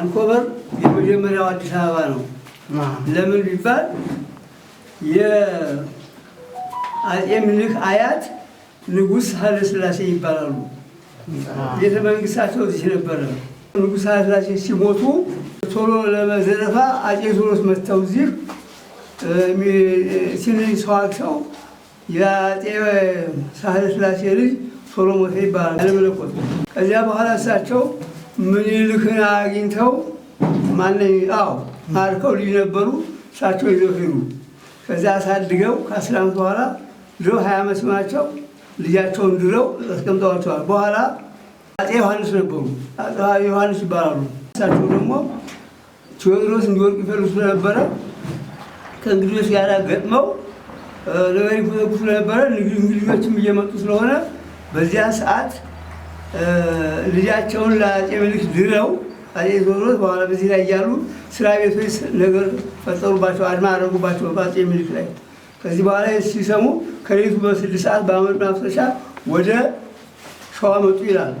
አንኮበር የመጀመሪያው አዲስ አበባ ነው። ለምን ቢባል የአጼ ምኒልክ አያት ንጉሥ ኃይለሥላሴ ይባላሉ። ቤተ መንግስታቸው እዚህ ነበረ። ንጉሥ ኃይለሥላሴ ሲሞቱ ቶሎ ለመዘረፋ አጼ ቴዎድሮስ መጥተው እዚህ ሲንኝ ሰዋግሰው የአጤ ኃይለሥላሴ ልጅ ሶሎሞን ይባላል አለመለኮት። ከዚያ በኋላ እሳቸው ምኒልክን አግኝተው ማነ አዎ ማርከው ልጅ ነበሩ። እሳቸው ይዘው ሄዱ። ከዚያ አሳድገው ከአስላም በኋላ ድረው ሀያ ዓመት ናቸው። ልጃቸውን ድረው አስቀምጠዋቸዋል። በኋላ አፄ ዮሐንስ ነበሩ። አፄ ዮሐንስ ይባላሉ። እሳቸው ደግሞ ቴዎድሮስ እንዲወርቅ ይፈልጉ ስለነበረ ከእንግሊዞች ጋር ገጥመው ነገር ይፈለጉ ስለነበረ እንግሊዞችም እየመጡ ስለሆነ በዚያ ሰዓት ልጃቸውን ለአጼ ምኒልክ ድረው አጼ ቴዎድሮስ በኋላ በዚህ ላይ እያሉ ስራ ቤቶች ነገር ፈጠሩባቸው፣ አድማ አደረጉባቸው በአጼ ምኒልክ ላይ። ከዚህ በኋላ ሲሰሙ ከሌቱ በስድስት ሰዓት በአመድ ማፍሰሻ ወደ ሸዋ መጡ ይላል።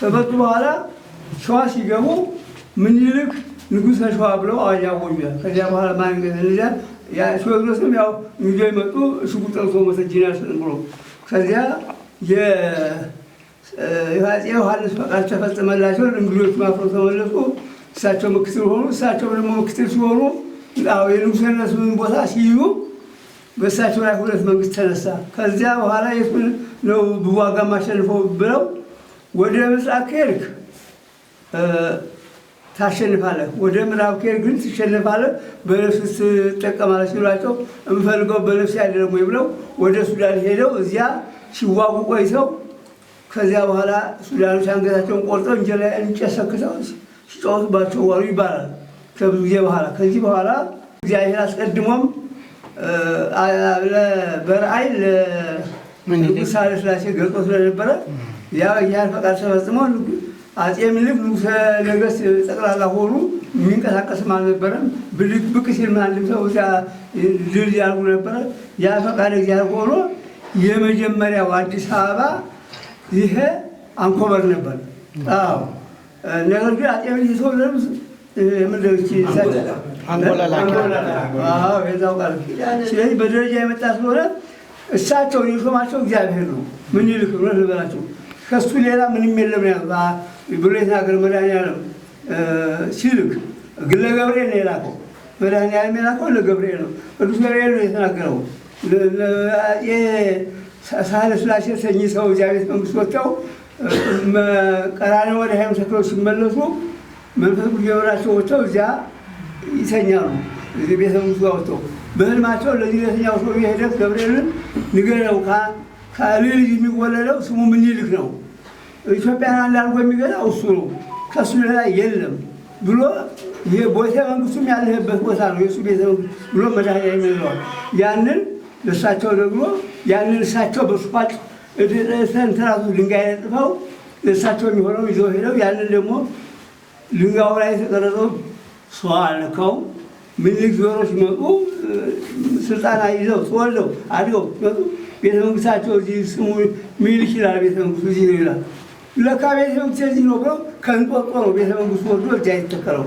ከመጡ በኋላ ሸዋ ሲገቡ ምኒልክ ንጉሠ ሸዋ ብለው አዋጅ አወጁ። ከዚያ በኋላ ማንገት እዚያ ቴዎድሮስም ያው እንግዲህ መጡ ሽጉጥ ጠልቶ መሰጅናል ብሎ ከዚያ አፄ ዮሐንስ ፈቃድ ተፈጸመላቸው። እንግዶቹ አፍሮ ተመለሱ። እሳቸው ምክትል ሆኑ። እሳቸው ደግሞ ምክትል ሲሆኑ የንጉሠ ነገሥቱን ቦታ ሲይዙ በእሳቸው ላይ ሁለት መንግስት ተነሳ። ከዚያ በኋላ የቱን ነው ብዋጋ ማሸንፈው ብለው ወደ ምስራቅ ከሄድክ ታሸንፋለህ፣ ወደ ምዕራብ ከሄድክ ግን ትሸንፋለህ፣ በነፍስ ትጠቀማለህ ሲሏቸው፣ የምፈልገው በነፍስ አይደለም ወይ ብለው ወደ ሱዳን ሄደው እዚያ ሲዋጉ ቆይተው ከዚያ በኋላ ሱዳኖች አንገታቸውን ቆርጠው እንጀራ እንጨት ሰክተው ሲጫወቱባቸው ዋሉ ይባላል። ከብዙ ጊዜ በኋላ ከዚህ በኋላ እግዚአብሔር አስቀድሞም በረአይ ንጉሥ ኃይለ ሥላሴ ገልጾ ስለነበረ ያ ያን ፈቃድ ተፈጽሞ አጼ ምኒልክ ንጉሠ ነገሥት ጠቅላላ ሆኑ። የሚንቀሳቀስም አልነበረም። ብልቅ ብቅ ሲል ማንም ሰው ድል ያልጉ ነበረ። ያ ፈቃድ እግዚአብሔር ሆኖ የመጀመሪያው አዲስ አበባ ይሄ አንኮበር ነበር። አዎ ነገር ግን አጤ ምኒልክ ለብስ ምንደች ዛው ቃል ስለዚህ በደረጃ የመጣ ስለሆነ እሳቸው የሾማቸው እግዚአብሔር ነው። ምኒልክ ብሎ ነበራቸው። ከሱ ሌላ ምንም የለም ብሎ የተናገረ መድኃኒዓለም ሲልክ ግን ለገብርኤል ነው የላከው። መድኃኒዓለም የላከው ለገብርኤል ነው። ቅዱስ ገብርኤል ነው የተናገረው ሳለ ስላሴ ሰኝ ሰው እዚያ ቤተ መንግስት ወጥተው ቀራንዮ ወደ ሃይም ሰክረው ሲመለሱ መንፈስ ጉየበላቸው ወጥተው እዚያ ይተኛሉ። እዚህ ቤተ መንግስት ወጥተው በህልማቸው ለዚህ የተኛው ሰው የሄደት ገብርኤልን ንገረው ከልጅ ልጅ የሚወለደው ስሙ ምኒልክ ነው፣ ኢትዮጵያን አንድ አድርጎ የሚገዛው እሱ ነው፣ ከእሱ ሌላ የለም ብሎ ቤተ መንግስቱም ያለህበት ቦታ ነው የእሱ ቤተ መንግስት ብሎ መድኃኒዓለም ይለዋል ያንን እሳቸው ደግሞ ያንን እሳቸው በስፋት ሰንትራቱ ድንጋይ ነጥፈው እሳቸው የሚሆነው ይዘው ሄደው ያንን ደግሞ ድንጋዩ ላይ የተቀረጸው ሰው አልከው ምኒልክ መጡ ሲመጡ ስልጣና ይዘው ተወልደው አድገው መጡ። ቤተ መንግስታቸው እዚህ ስሙ ሚኒልክ ይላል። ቤተ መንግስቱ እዚህ ነው ይላል። ለካ ቤተ መንግስት እዚህ ነው ብለው ከእንጦጦ ነው ቤተ መንግስቱ ወርዶ እጃ የተተከለው